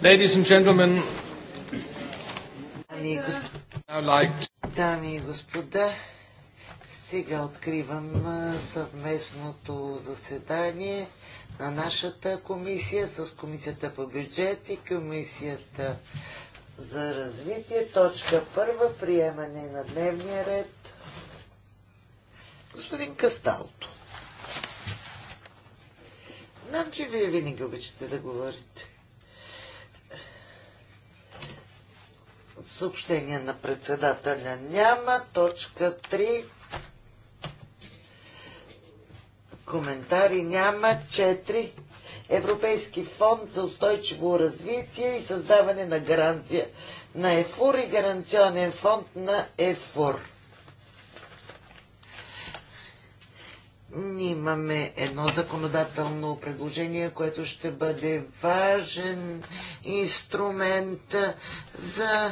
Ladies and gentlemen, Дами и господа, сега откривам съвместното заседание на нашата комисия с Комисията по бюджет и Комисията за развитие. Точка първа, приемане на дневния ред. Господин Касталто. Знам, че вие винаги обичате да говорите. Съобщение на председателя няма. Точка 3. Коментари няма. 4. Европейски фонд за устойчиво развитие и създаване на гаранция на ЕФУР и гаранционен фонд на ЕФУР. Ние имаме едно законодателно предложение, което ще бъде важен инструмент за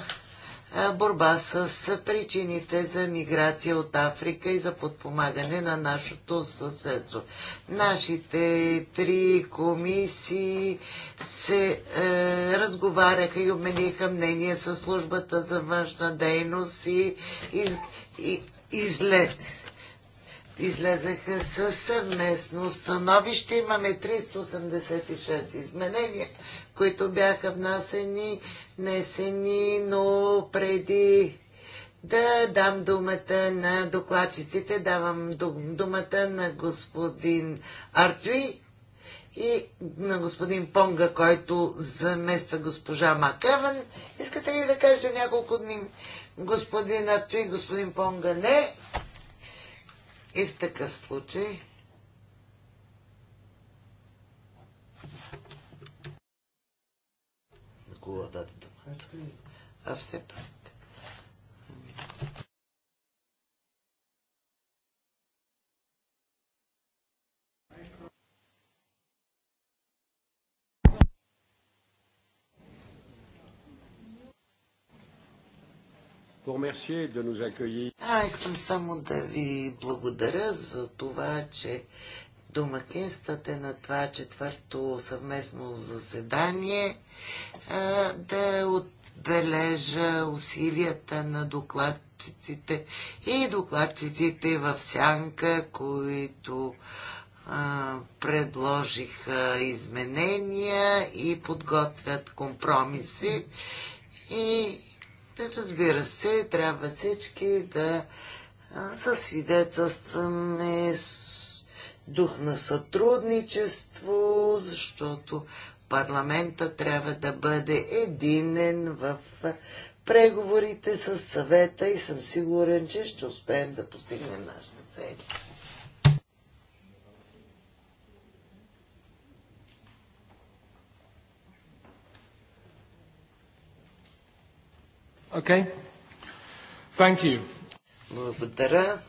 борба с причините за миграция от Африка и за подпомагане на нашето съседство. Нашите три комисии се е, разговаряха и обмениха мнение с службата за външна дейност и, и, и изле, излезеха със съвместно становище. Имаме 386 изменения, които бяха внасени, несени, но преди да дам думата на докладчиците, давам думата на господин Артуи и на господин Понга, който замества госпожа Макаван. Искате ли да кажете няколко дни господин Артуи, господин Понга? Не. И в такъв случай го да даде думата. Значи, а все пак. А, искам само да ви благодаря за това, че домакинствате на това четвърто съвместно заседание да отбележа усилията на докладчиците и докладчиците в сянка, които предложиха изменения и подготвят компромиси. И Разбира се, трябва всички да съсвидетелстваме с дух на сътрудничество, защото парламента трябва да бъде единен в преговорите с съвета и съм сигурен, че ще успеем да постигнем нашите цели. Okay. Thank you. Благодаря.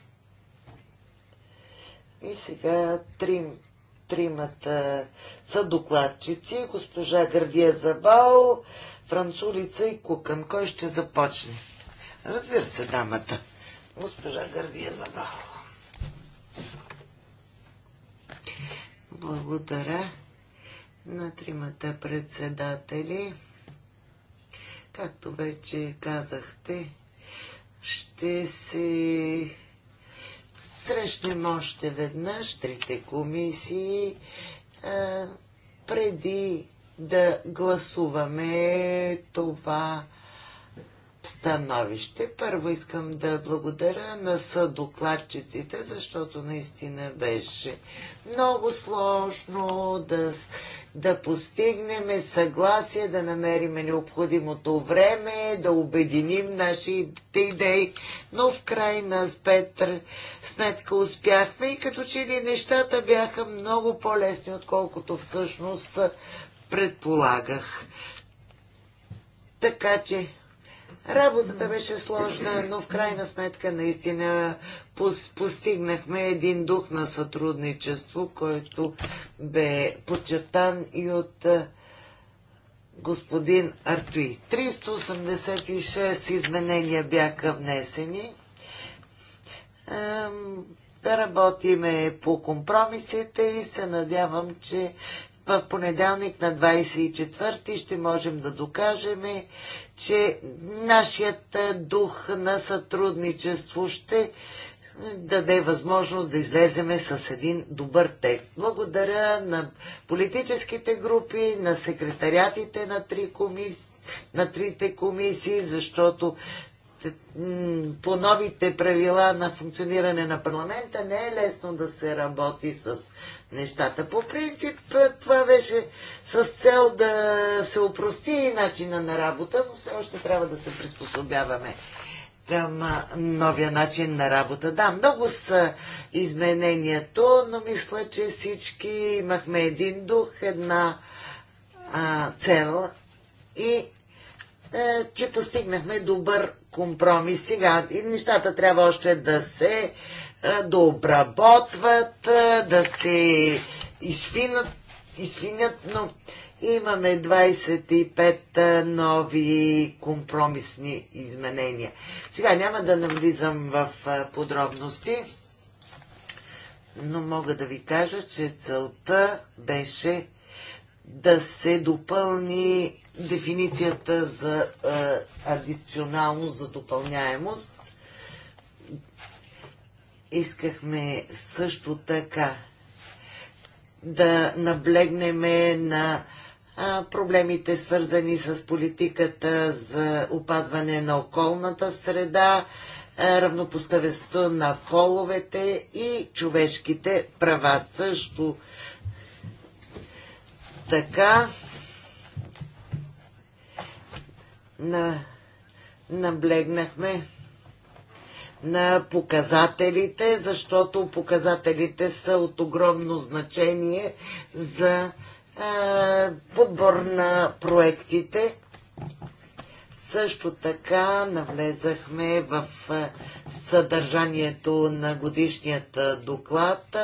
И сега три, тримата са докладчици. Госпожа Гърдия Забал, Францулица и Кукан. Кой ще започне? Разбира се, дамата. Госпожа Гърдия Забал. Благодаря на тримата председатели. Както вече казахте, ще се срещнем още веднъж трите комисии а, преди да гласуваме това становище. Първо искам да благодаря на съдокладчиците, защото наистина беше много сложно да да постигнем съгласие, да намерим необходимото време, да обединим нашите идеи, но в крайна спетър, сметка успяхме и като че ли нещата бяха много по-лесни, отколкото всъщност предполагах. Така че Работата беше сложна, но в крайна сметка наистина постигнахме един дух на сътрудничество, който бе подчертан и от господин Артуи. 386 изменения бяха внесени. работиме по компромисите и се надявам, че в понеделник на 24 ще можем да докажем, че нашият дух на сътрудничество ще даде възможност да излеземе с един добър текст. Благодаря на политическите групи, на секретариатите на три комис... на трите комисии, защото по новите правила на функциониране на парламента не е лесно да се работи с нещата. По принцип е, това беше с цел да се опрости начина на работа, но все още трябва да се приспособяваме към новия начин на работа. Да, много са изменението, но мисля, че всички имахме един дух, една а, цел и е, че постигнахме добър компромис. Сега и нещата трябва още да се дообработват, да, да се изфинат, изфинят, но имаме 25 нови компромисни изменения. Сега няма да навлизам в подробности, но мога да ви кажа, че целта беше да се допълни дефиницията за е, адиционалност, за допълняемост. Искахме също така да наблегнеме на е, проблемите свързани с политиката за опазване на околната среда, е, равнопоставеността на половете и човешките права също. Така на, наблегнахме на показателите, защото показателите са от огромно значение за а, подбор на проектите. Също така навлезахме в съдържанието на годишният доклад,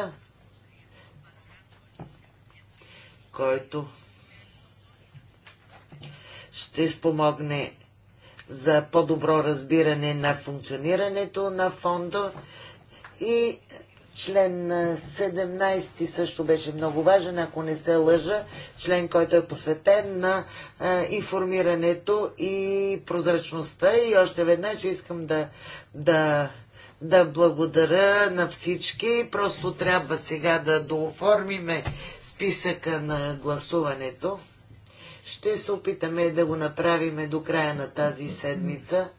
който ще спомогне за по-добро разбиране на функционирането на фонда и член 17 също беше много важен, ако не се лъжа, член, който е посветен на а, информирането и прозрачността. И още веднъж искам да, да, да благодаря на всички. Просто трябва сега да дооформиме списъка на гласуването. Ще се опитаме да го направим до края на тази седмица,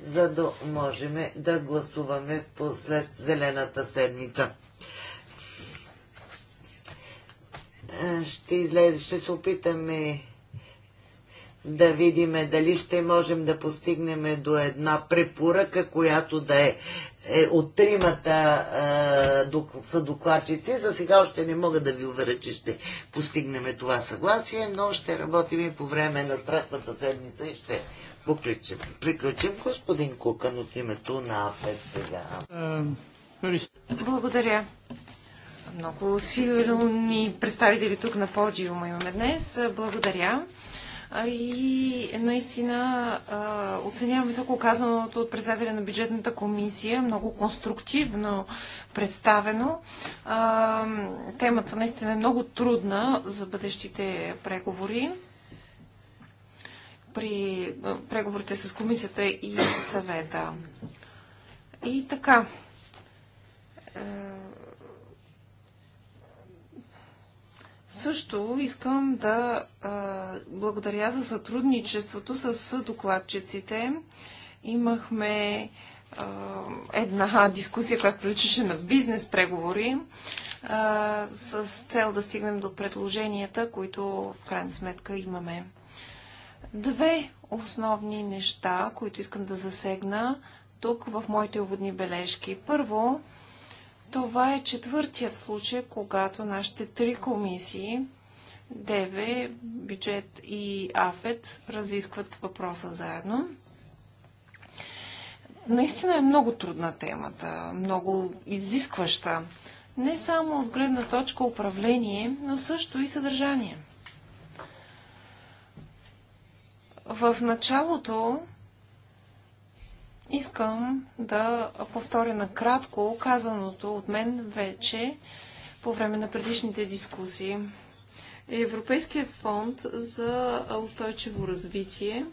за да можем да гласуваме послед зелената седмица. Е, ще, излез, ще се опитаме да видиме дали ще можем да постигнем до една препоръка, която да е, е от тримата е, са докладчици. За сега още не мога да ви уверя, че ще постигнем това съгласие, но ще работим и по време на страстната седмица и ще Покличим. Приключим господин Кукан от името на АФЕД сега. Благодаря. Много силни представители тук на подиума имаме днес. Благодаря и наистина оценявам високо казаното от председателя на бюджетната комисия, много конструктивно представено. Темата наистина е много трудна за бъдещите преговори при преговорите с комисията и съвета. И така, Също искам да а, благодаря за сътрудничеството с докладчиците. Имахме а, една дискусия, която приличаше на бизнес преговори с цел да стигнем до предложенията, които в крайна сметка имаме. Две основни неща, които искам да засегна тук в моите уводни бележки. Първо, това е четвъртият случай, когато нашите три комисии ДВ, бюджет и АФЕТ разискват въпроса заедно. Наистина е много трудна темата, много изискваща. Не само от гледна точка управление, но също и съдържание. В началото Искам да повторя накратко казаното от мен вече по време на предишните дискусии. Европейският фонд за устойчиво развитие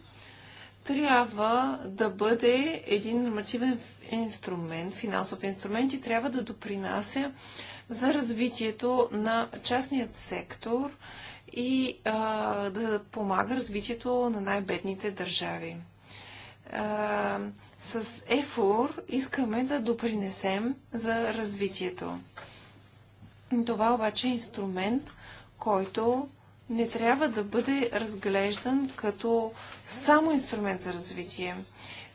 трябва да бъде един нормативен инструмент, финансов инструмент и трябва да допринася за развитието на частният сектор и а, да помага развитието на най-бедните държави. А, с ЕФОР искаме да допринесем за развитието. Това обаче е инструмент, който не трябва да бъде разглеждан като само инструмент за развитие.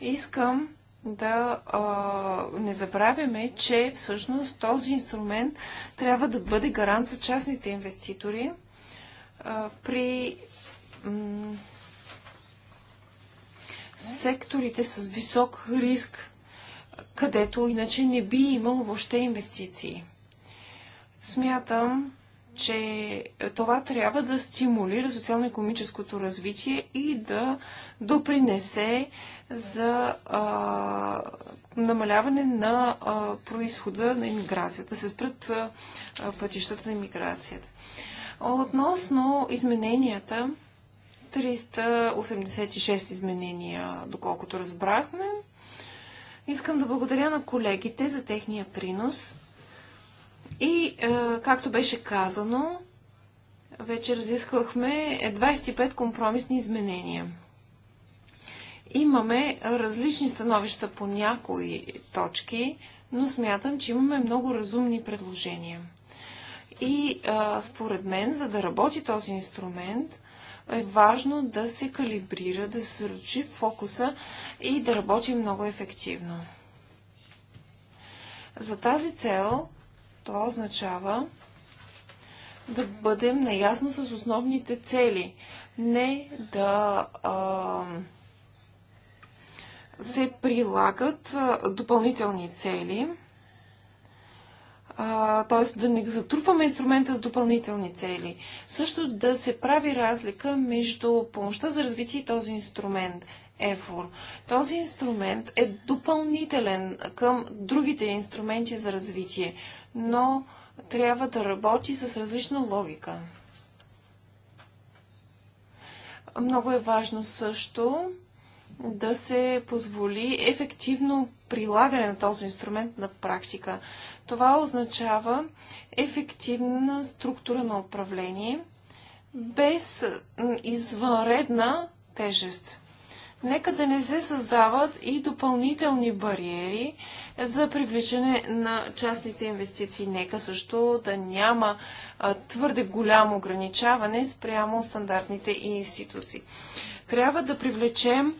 Искам да а, не забравяме, че всъщност този инструмент трябва да бъде гарант за частните инвеститори а, при секторите с висок риск, където иначе не би имало въобще инвестиции. Смятам, че това трябва да стимулира социално-економическото развитие и да допринесе за а, намаляване на а, происхода на иммиграцията, да се спрат а, пътищата на иммиграцията. Относно измененията, 386 изменения, доколкото разбрахме. Искам да благодаря на колегите за техния принос. И, е, както беше казано, вече разисквахме 25 компромисни изменения. Имаме различни становища по някои точки, но смятам, че имаме много разумни предложения. И а, е, според мен, за да работи този инструмент, е важно да се калибрира, да се сръчи фокуса и да работи много ефективно. За тази цел това означава да бъдем наясно с основните цели. Не да а, се прилагат допълнителни цели – т.е. да не затрупваме инструмента с допълнителни цели. Също да се прави разлика между помощта за развитие и този инструмент. ЕФОР. Този инструмент е допълнителен към другите инструменти за развитие, но трябва да работи с различна логика. Много е важно също да се позволи ефективно прилагане на този инструмент на практика. Това означава ефективна структура на управление без извънредна тежест. Нека да не се създават и допълнителни бариери за привличане на частните инвестиции. Нека също да няма твърде голямо ограничаване спрямо стандартните институции. Трябва да привлечем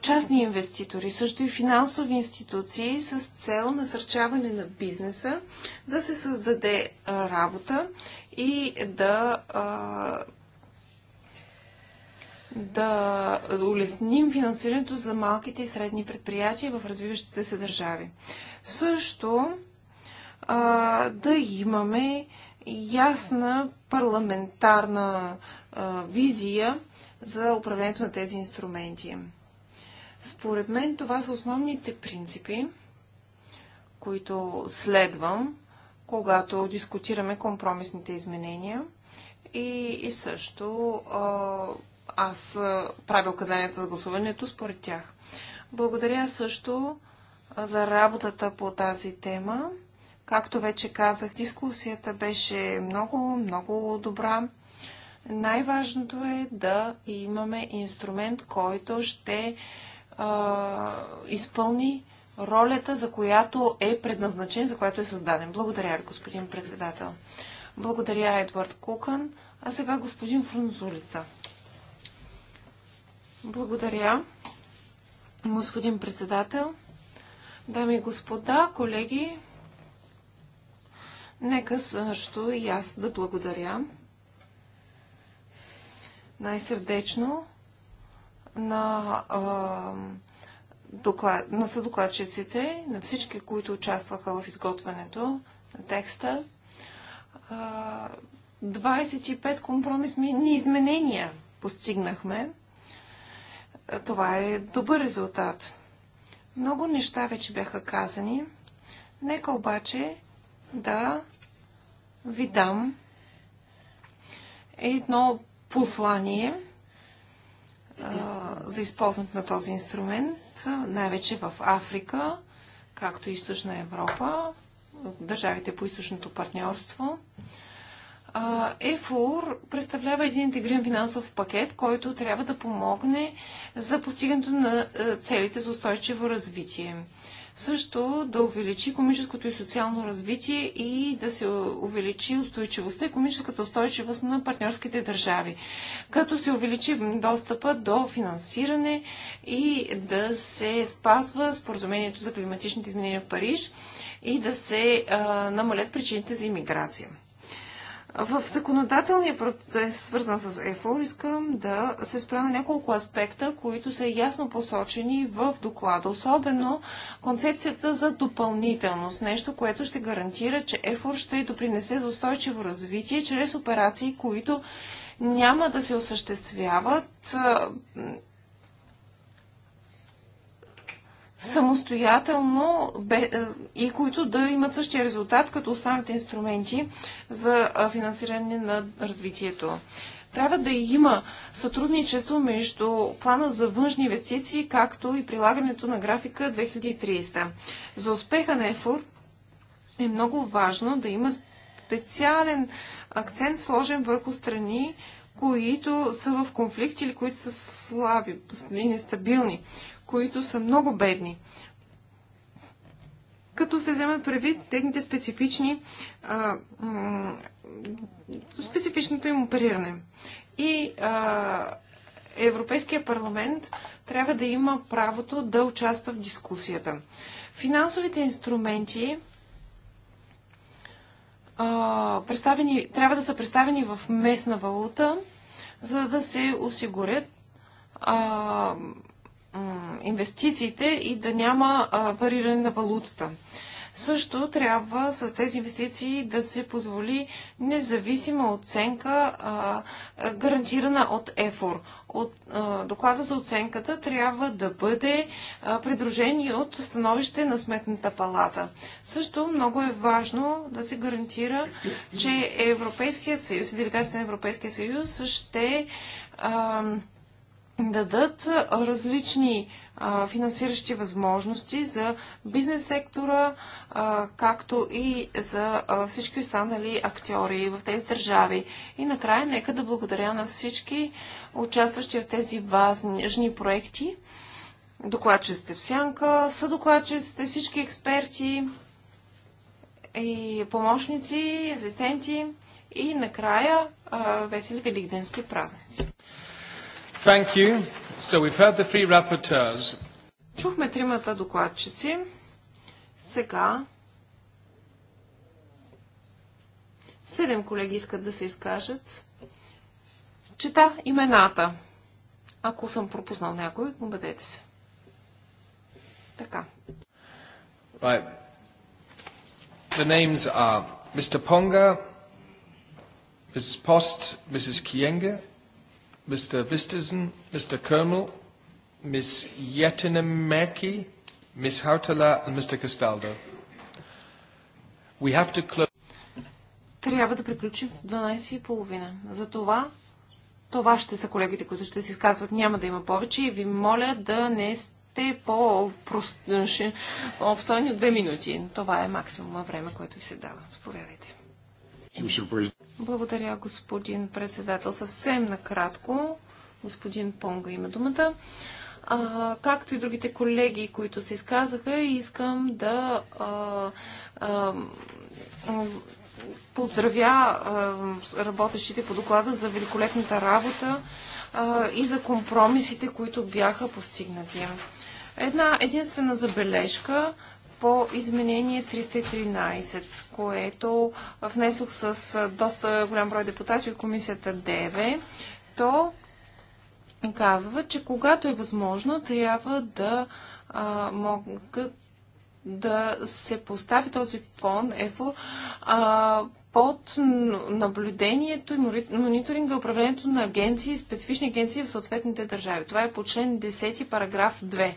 частни инвеститори, също и финансови институции с цел насърчаване на бизнеса, да се създаде работа и да, да улесним финансирането за малките и средни предприятия в развиващите се държави. Също да имаме ясна парламентарна визия за управлението на тези инструменти. Според мен това са основните принципи, които следвам, когато дискутираме компромисните изменения. И, и също аз правя указанията за гласуването според тях. Благодаря също за работата по тази тема. Както вече казах, дискусията беше много, много добра. Най-важното е да имаме инструмент, който ще а, изпълни ролята, за която е предназначен, за която е създаден. Благодаря, господин председател. Благодаря, Едвард Кукън. А сега господин Фрунзулица. Благодаря, господин председател. Дами и господа, колеги, нека също и аз да благодаря най-сърдечно на, доклад, на съдокладчиците, на всички, които участваха в изготвянето на текста. 25 компромисни изменения постигнахме. Това е добър резултат. Много неща вече бяха казани. Нека обаче да ви дам едно послание за използването на този инструмент, най-вече в Африка, както и Източна Европа, държавите по източното партньорство. ЕФОР представлява един интегриран финансов пакет, който трябва да помогне за постигането на целите за устойчиво развитие също да увеличи комическото и социално развитие и да се увеличи устойчивостта, комическата устойчивост на партньорските държави, като се увеличи достъпа до финансиране и да се спазва споразумението за климатичните изменения в Париж и да се а, намалят причините за иммиграция. В законодателния процес, свързан с ЕФО, искам да се спра на няколко аспекта, които са ясно посочени в доклада, особено концепцията за допълнителност, нещо, което ще гарантира, че ЕФОР ще допринесе за устойчиво развитие чрез операции, които няма да се осъществяват самостоятелно е, и които да имат същия резултат като останалите инструменти за е, финансиране на развитието. Трябва да има сътрудничество между плана за външни инвестиции, както и прилагането на графика 2300. За успеха на ЕФОР е много важно да има специален акцент сложен върху страни, които са в конфликт или които са слаби и нестабилни, които са много бедни. Като се вземат предвид техните специфични, а, специфичното им опериране. И а, Европейския парламент трябва да има правото да участва в дискусията. Финансовите инструменти а, представени, трябва да са представени в местна валута, за да се осигурят а, инвестициите и да няма а, вариране на валутата. Също трябва с тези инвестиции да се позволи независима оценка, гарантирана от ЕФОР. От, доклада за оценката трябва да бъде а, придружен и от становище на Сметната палата. Също много е важно да се гарантира, че Европейският съюз и делегацията на Европейския съюз ще дадат различни финансиращи възможности за бизнес сектора, както и за всички останали актьори в тези държави. И накрая нека да благодаря на всички участващи в тези важни проекти. Докладчиците в Сянка, съдокладчиците, всички експерти и помощници, асистенти и накрая весели великденски празници. Thank you. So we've heard the three rapporteurs. Чухме тримата докладчици. Сега седем колеги искат да се изкажат. Чета имената. Ако съм пропуснал някой, убедете се. Така. Right. The names are Mr. Ponga, Mrs. Post, Mrs. Kienge, Mr. Vistisen, Mr. Kermel, Ms. Yetinemäki, Ms. Hautala and Mr. Castaldo. We have to close. Трябва да приключим 12.30. За това това ще са колегите, които ще се изказват. Няма да има повече и ви моля да не сте по-обстойни от две минути. Това е максимума време, което ви се дава. Заповядайте. Благодаря, господин председател. Съвсем накратко, господин Понга има думата. А, както и другите колеги, които се изказаха, искам да а, а, поздравя а, работещите по доклада за великолепната работа а, и за компромисите, които бяха постигнати. Една единствена забележка по изменение 313, което внесох с доста голям брой депутати от комисията 9, то казва, че когато е възможно, трябва да а, могат да се постави този фон ЕФО а, под наблюдението и мониторинга и управлението на агенции, специфични агенции в съответните държави. Това е по член 10, параграф 2.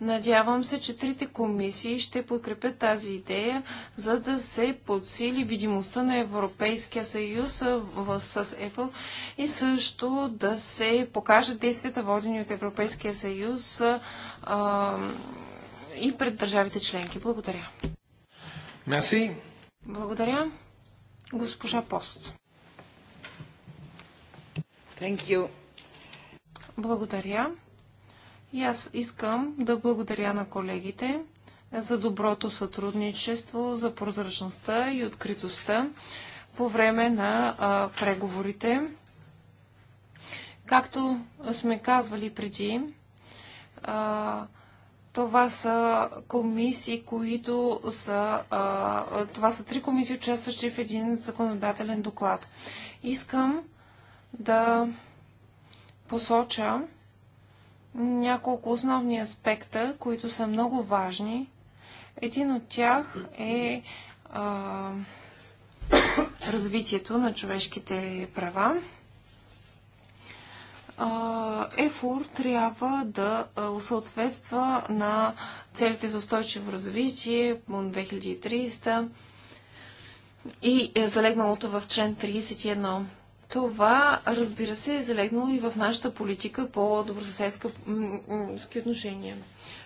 Надявам се, че трите комисии ще подкрепят тази идея, за да се подсили видимостта на Европейския съюз с Apple и също да се покажат действията, водени от Европейския съюз и пред държавите членки. Благодаря. Мерси. Благодаря. Госпожа Пост. Thank you. Благодаря. И аз искам да благодаря на колегите за доброто сътрудничество, за прозрачността и откритостта по време на а, преговорите. Както сме казвали преди, а, това са комисии, които са. А, това са три комисии, участващи в един законодателен доклад. Искам да посоча, няколко основни аспекта, които са много важни. Един от тях е а, развитието на човешките права. ЕФОР трябва да съответства на целите за устойчиво развитие от 2300 и е залегналото в член 31. Това, разбира се, е залегнало и в нашата политика по добросъседски отношения.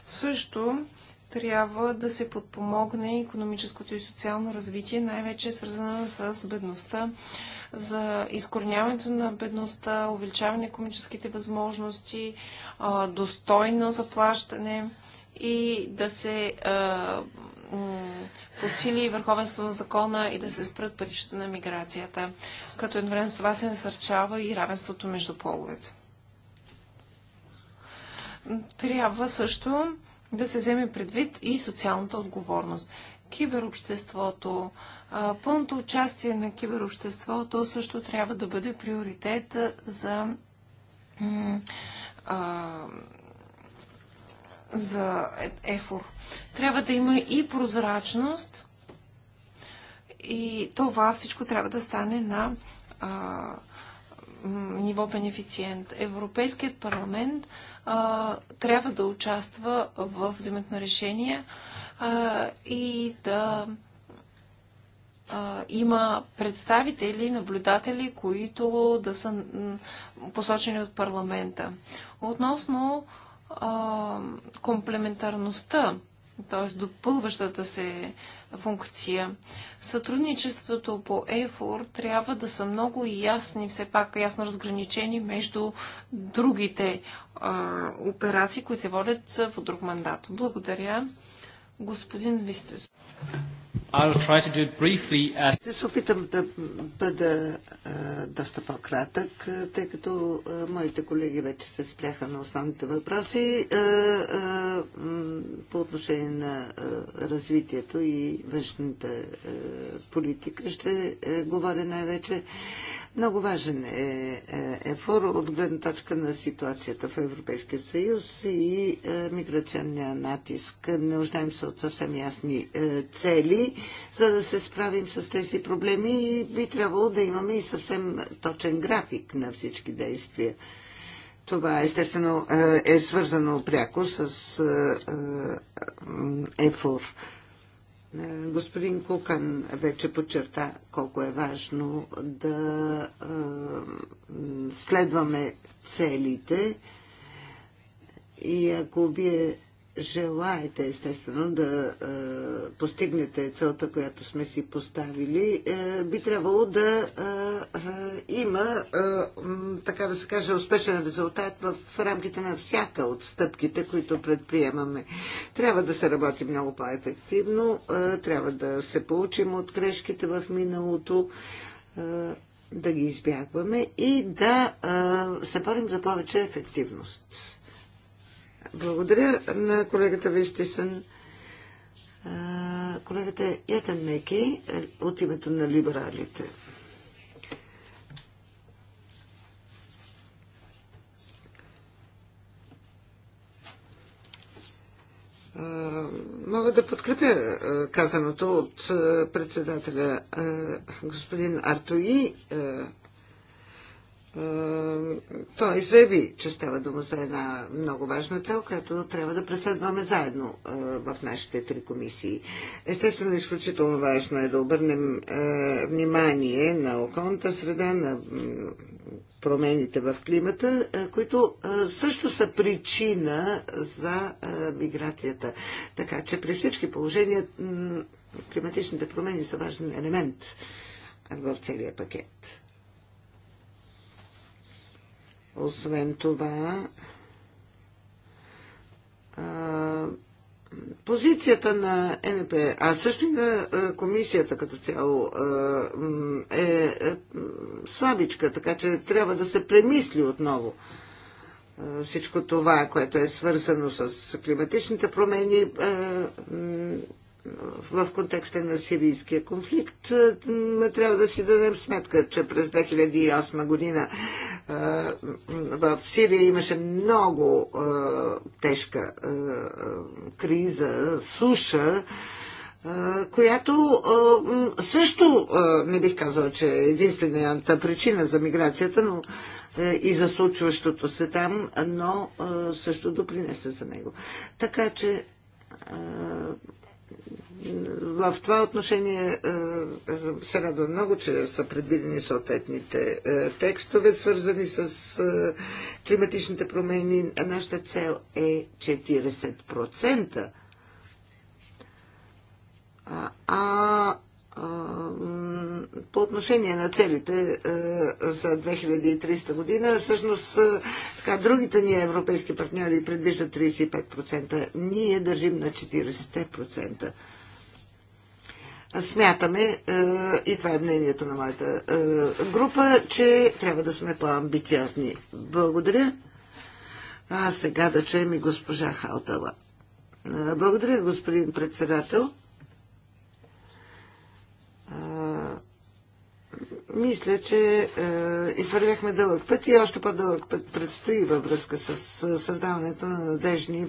Също трябва да се подпомогне економическото и социално развитие, най-вече е свързано с бедността, за изкорняването на бедността, увеличаване на економическите възможности, достойно заплащане и да се подсили върховенство на закона и да се спрат пътищата на миграцията, като едновременно с това се насърчава и равенството между половете. Трябва също да се вземе предвид и социалната отговорност. Киберобществото, пълното участие на киберобществото също трябва да бъде приоритет за за ЕФОР. Трябва да има и прозрачност и това всичко трябва да стане на а, ниво бенефициент. Европейският парламент а, трябва да участва в вземането на решения а, и да има представители, наблюдатели, които да са посочени от парламента. Относно а, комплементарността, т.е. допълващата се функция. Сътрудничеството по ЕФОР трябва да са много ясни, все пак ясно разграничени между другите а, операции, които се водят по друг мандат. Благодаря, господин Вистес. Ще се опитам да бъда доста по-кратък, тъй като моите колеги вече се спряха на основните въпроси по отношение на развитието и външната политика. Ще е, говоря най-вече. Много важен е ефор е от гледна точка на ситуацията в Европейския съюз и е, миграционния натиск. Не нуждаем се от съвсем ясни цели цели, за да се справим с тези проблеми и би трябвало да имаме и съвсем точен график на всички действия. Това естествено е, е свързано пряко с е, е, ЕФОР. Господин Кукан вече подчерта колко е важно да следваме целите и ако вие желаете естествено да е, постигнете целта, която сме си поставили, е, би трябвало да е, е, има, е, така да се каже, успешен резултат в рамките на всяка от стъпките, които предприемаме. Трябва да се работи много по-ефективно, е, трябва да се получим от грешките в миналото. Е, да ги избягваме и да а, е, се борим за повече ефективност. Благодаря на колегата Вистисън. Колегата Ятен Меки е, от името на либералите. Мога да подкрепя казаното от председателя господин Артои е, той заяви, че става дума за една много важна цел, която трябва да преследваме заедно е, в нашите три комисии. Естествено, изключително важно е да обърнем е, внимание на околната среда, на промените в климата, които също са причина за миграцията. Така че при всички положения климатичните промени са важен елемент в целия пакет. Освен това, позицията на НП, а също и на комисията като цяло е, е слабичка, така че трябва да се премисли отново всичко това, което е свързано с климатичните промени, в контекста на сирийския конфликт, е, трябва да си дадем сметка, че през 2008 година е, в Сирия имаше много е, тежка криза, суша, която също не бих казала, че е единствената причина за миграцията, но и за случващото се там, но също допринесе за него. Така че в това отношение е, е, се радвам много, че са предвидени съответните е, текстове, свързани с климатичните промени. Нашата цел е 40%. А по отношение на целите е, за 2300 година, всъщност е, така, другите ни европейски партньори предвиждат 35%. Ние държим на 40%. Смятаме, е, и това е мнението на моята група, че трябва да сме по-амбициозни. Благодаря. А сега да чуем и госпожа Халтала. Благодаря, господин председател. мисля, че е, извървяхме дълъг път и още по-дълъг път предстои във връзка с създаването на надежни е,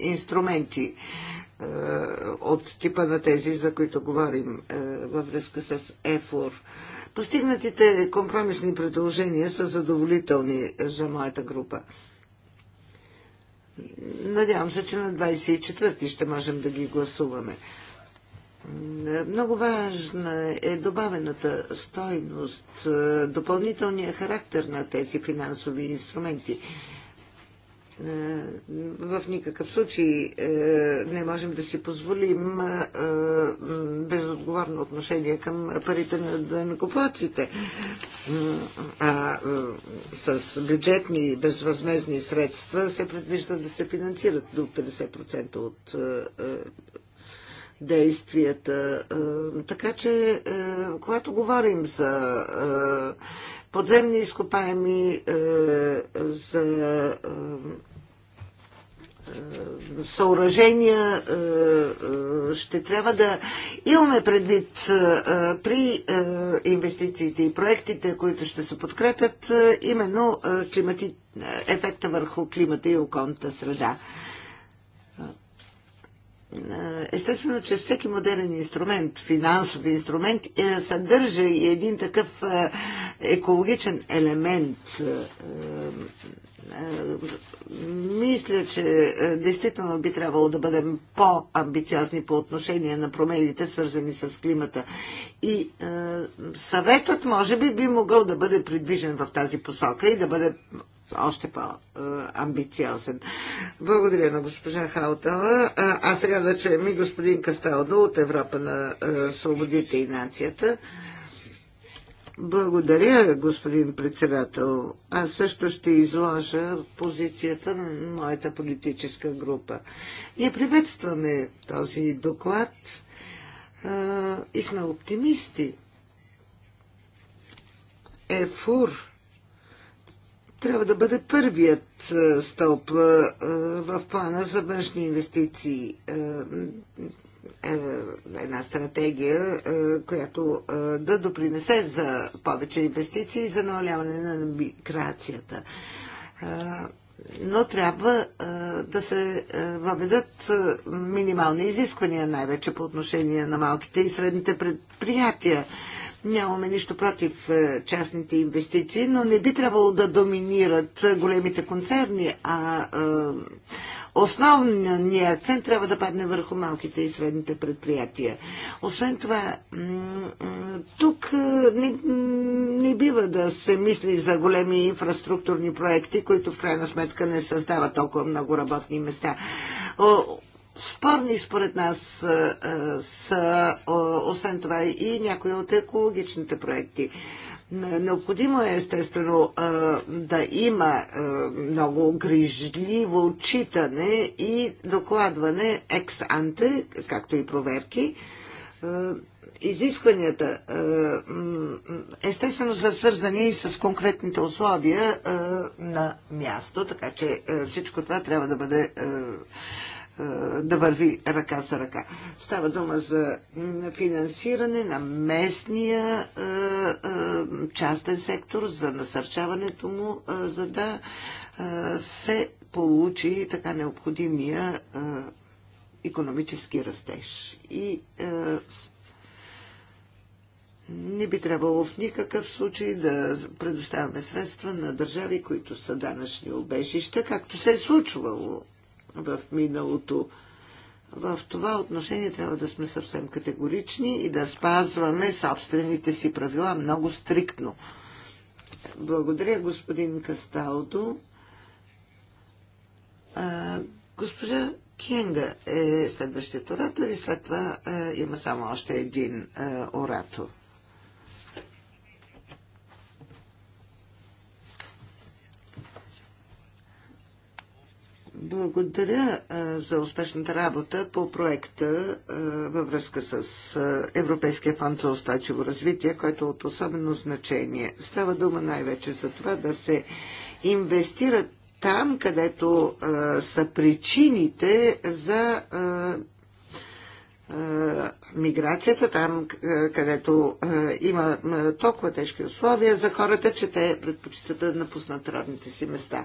инструменти е, от типа на тези, за които говорим е, във връзка с ЕФОР. Постигнатите компромисни предложения са задоволителни за моята група. Надявам се, че на 24 ти ще можем да ги гласуваме. Много важна е добавената стойност, е, допълнителния характер на тези финансови инструменти. Е, в никакъв случай е, не можем да си позволим безотговорно отношение към парите на данекоплаците. А с бюджетни и безвъзмезни средства се предвижда да се финансират до 50% от действията. Е, така че, е, когато говорим за е, подземни изкопаеми, за съоръжения ще трябва да имаме предвид при инвестициите и проектите, които ще се подкрепят, именно климати... ефекта върху климата и околната среда. Естествено, че всеки модерен инструмент, финансов инструмент, е, съдържа и един такъв е, екологичен елемент. Е, мисля, че действително би трябвало да бъдем по-амбициозни по отношение на промените, свързани с климата. И съветът, може би, би могъл да бъде придвижен в тази посока и да бъде още по-амбициозен. Благодаря на госпожа Халтава. А сега да чуем и господин Касталдо от Европа на свободите и нацията. Благодаря, господин председател. Аз също ще изложа позицията на моята политическа група. Ние приветстваме този доклад и сме оптимисти. ЕФУР трябва да бъде първият е, стълб е, е, в плана за външни инвестиции. Една стратегия, която да допринесе за повече инвестиции и за намаляване на миграцията. Но трябва да се въведат минимални изисквания, най-вече по отношение на малките и средните предприятия Нямаме нищо против е, частните инвестиции, но не би трябвало да доминират е, големите концерни, а е, основният акцент трябва да падне върху малките и средните предприятия. Освен това, тук не, не бива да се мисли за големи инфраструктурни проекти, които в крайна сметка не създават толкова много работни места спорни според нас са, освен това и някои от екологичните проекти. Необходимо е, естествено, да има много грижливо отчитане и докладване екс-анте, както и проверки. Изискванията, естествено, са свързани с конкретните условия на място, така че всичко това трябва да бъде е, да върви ръка за ръка. Става дума за финансиране на местния е, е, частен сектор, за насърчаването му, за да се получи така необходимия економически растеж. И не би трябвало в никакъв случай да предоставяме средства на държави, които са данъчни обежища, както се е случвало в миналото. В това отношение трябва да сме съвсем категорични и да спазваме собствените си правила много стриктно. Благодаря, господин Касталдо. А, госпожа Кенга е следващият оратор и след това а, има само още един а, оратор. Благодаря за успешната работа по проекта във връзка с Европейския фонд за устойчиво развитие, който е от особено значение. Става дума най-вече за това да се инвестират там, където са причините за миграцията, там където има толкова тежки условия за хората, че те предпочитат да напуснат родните си места.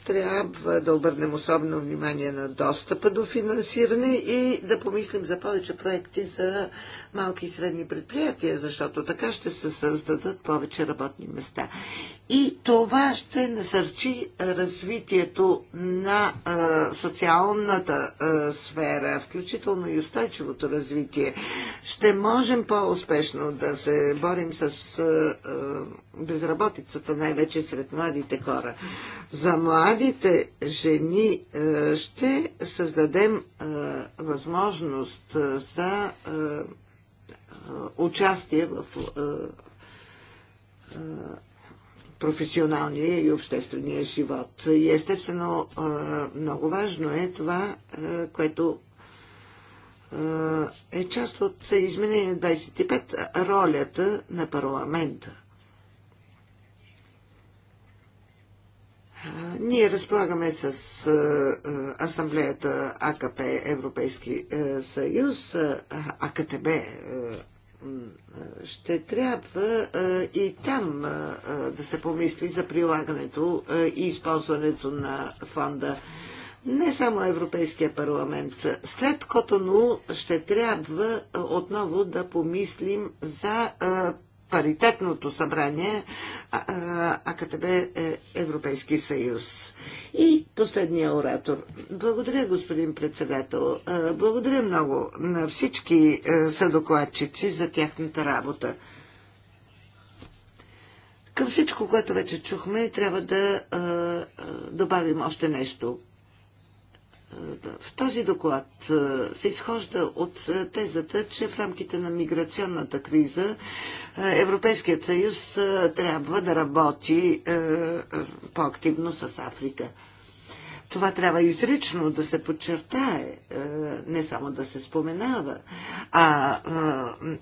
трябва да обърнем особено внимание на достъпа до финансиране и да помислим за повече проекти за малки и средни предприятия, защото така ще се създадат повече работни места. И това ще насърчи развитието на социалната сфера, включително и устойчивото развитие. Ще можем по-успешно да се борим с безработицата, най-вече сред младите хора. За млади младите жени е, ще създадем е, възможност е, за участие в професионалния и обществения живот. И естествено, много важно е това, което е част от изменение 25, ролята на парламента. Ние разполагаме с асамблеята АКП Европейски съюз, АКТБ. Ще трябва и там да се помисли за прилагането и използването на фонда. Не само Европейския парламент. След Котону ще трябва отново да помислим за паритетното събрание АКТБ е Европейски съюз. И последния оратор. Благодаря, господин председател. Благодаря много на всички съдокладчици за тяхната работа. Към всичко, което вече чухме, трябва да а, добавим още нещо. В този доклад е, се изхожда от е, тезата, че в рамките на миграционната криза е, Европейският съюз трябва да работи по-активно с Африка. Това трябва изрично да се подчертае, не само да се споменава, а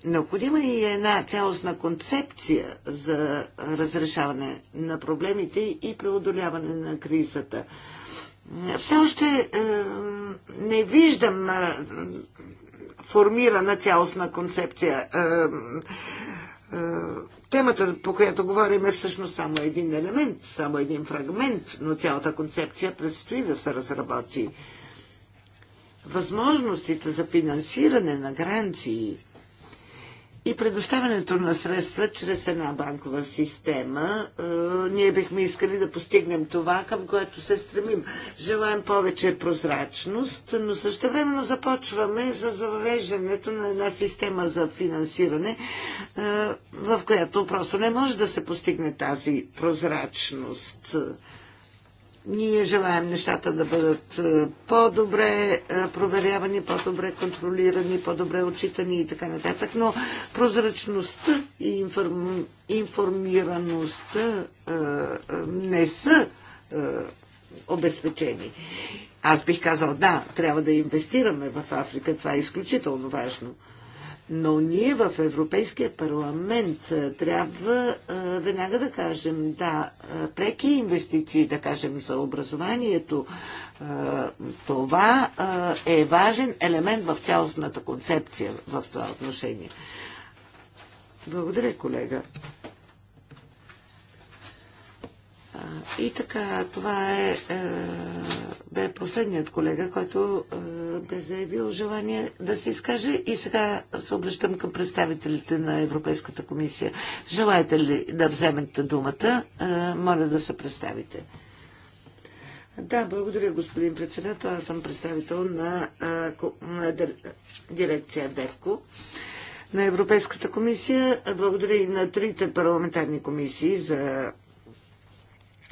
необходима и една цялостна концепция за разрешаване на проблемите и преодоляване на кризата. Все още е, не виждам е, формирана цялостна концепция. Е, темата, по която говорим, е всъщност само един елемент, само един фрагмент, но цялата концепция предстои да се разработи. Възможностите за финансиране на гаранции и предоставянето на средства чрез една банкова система. Е, ние бихме искали да постигнем това, към което се стремим. Желаем повече прозрачност, но същевременно започваме с въвеждането на една система за финансиране, е, в която просто не може да се постигне тази прозрачност. Ние желаем нещата да бъдат е, по-добре е, проверявани, по-добре контролирани, по-добре отчитани и така нататък, но прозрачността и информираността е, не са обезпечени. Аз бих казал, да, трябва да инвестираме в Африка, това е изключително важно. Но ние в Европейския парламент трябва веднага да кажем, да, преки инвестиции, да кажем за образованието, това е важен елемент в цялостната концепция в това отношение. Благодаря, колега. и така, това е, е, бе последният колега, който е, бе заявил желание да се изкаже и сега се обръщам към представителите на Европейската комисия. Желаете ли да вземете думата? Е, моля да се представите. Да, благодаря, господин председател. Аз съм представител на, на дирекция ДЕВКО на Европейската комисия. Благодаря и на трите парламентарни комисии за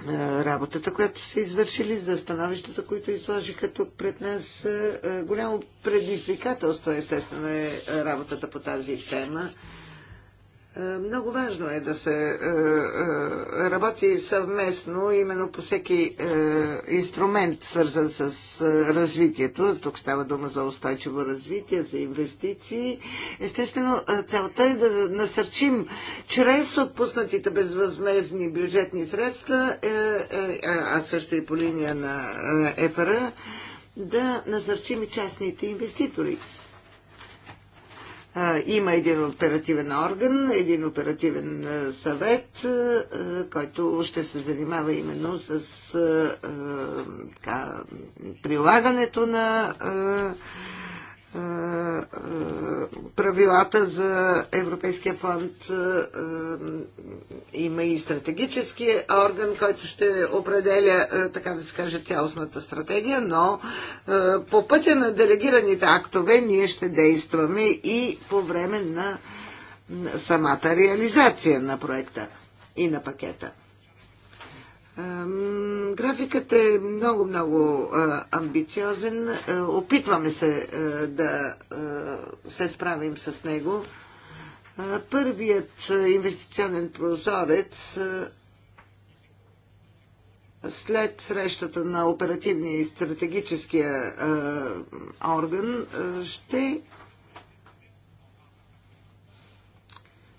е, работата, която са извършили, за становищата, които изложиха тук пред нас. Е, е, голямо предизвикателство, естествено, е работата по тази тема. Е, много важно е да се е, е, работи съвместно, именно по всеки инструмент, свързан с развитието. Тук става дума за устойчиво развитие, за инвестиции. Естествено, целта е да насърчим чрез отпуснатите безвъзмезни бюджетни средства, а също и по линия на ЕФРА, да насърчим и частните инвеститори. Има един оперативен орган, един оперативен съвет, който ще се занимава именно с така, прилагането на правилата за Европейския фонд. Има и стратегически орган, който ще определя, така да се каже, цялостната стратегия, но по пътя на делегираните актове ние ще действаме и по време на самата реализация на проекта и на пакета. Графикът е много-много амбициозен. Е, опитваме се е, да е, се справим с него. Първият инвестиционен прозорец след срещата на оперативния и стратегическия орган ще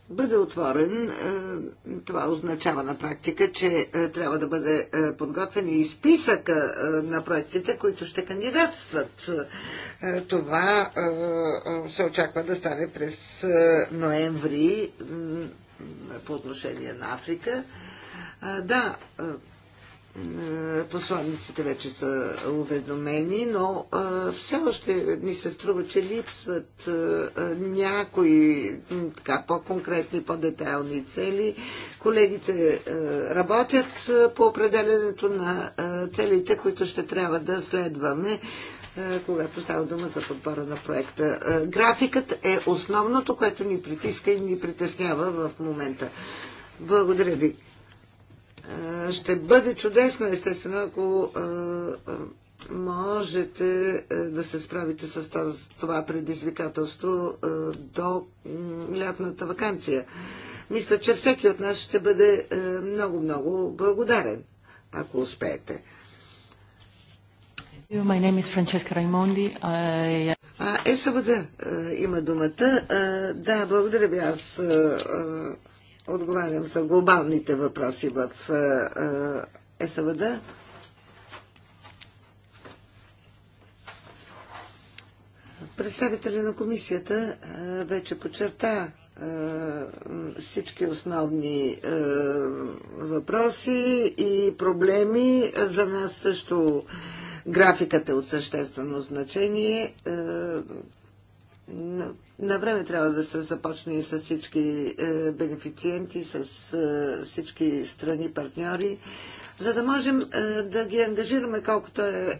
бъде отворен, е, това означава на практика, че е, трябва да бъде е, подготвен и списък на проектите, които ще кандидатстват. Това се очаква да стане през ноември по отношение на Африка. Да, е, посланиците вече са уведомени, но е, все още ми се струва, че липсват е, някои така по-конкретни, по-детайлни цели. Колегите работят по определенето на целите, които ще трябва да следваме когато става дума за подбора на проекта. Графикът е основното, което ни притиска и ни притеснява в момента. Благодаря ви. Е, ще бъде чудесно, естествено, ако е, е, можете да се справите с това предизвикателство до лятната вакансия. Мисля, че всеки от нас ще бъде много-много благодарен, ако успеете. My name is Francesca Raimondi. I... Uh, а, има думата. Да, благодаря ви. Аз отговарям за глобалните въпроси в е, е, СВД. Представителя на комисията е, вече подчерта всички основни въпроси и проблеми. За нас също графикът е от съществено значение на време трябва да се започне и с всички е, бенефициенти, с е, всички страни партньори, за да можем е, да ги ангажираме колкото е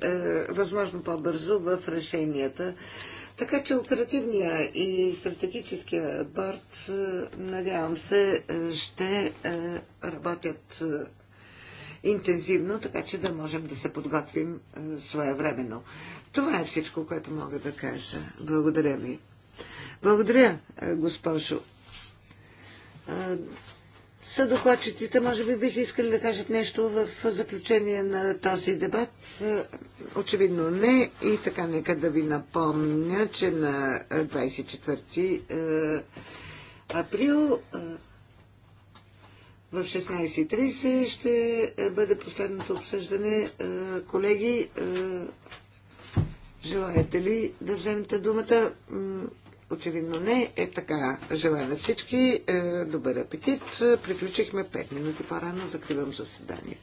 възможно по-бързо в решенията. Така че оперативния и стратегическия борт, надявам се, ще работят интензивно, така че да можем да се подготвим е, своевременно. Това е всичко, което мога да кажа. Благодаря ви. Благодаря, е, госпожо. Е, Съдокладчиците може би бих искали да кажат нещо в заключение на този дебат. Очевидно не. И така нека да ви напомня, че на 24 април в 16.30 ще е, бъде последното обсъждане. Е, колеги, е, желаете ли да вземете думата? Очевидно не. Е така. Желая на всички добър апетит. Приключихме 5 минути по-рано. Закривам заседание.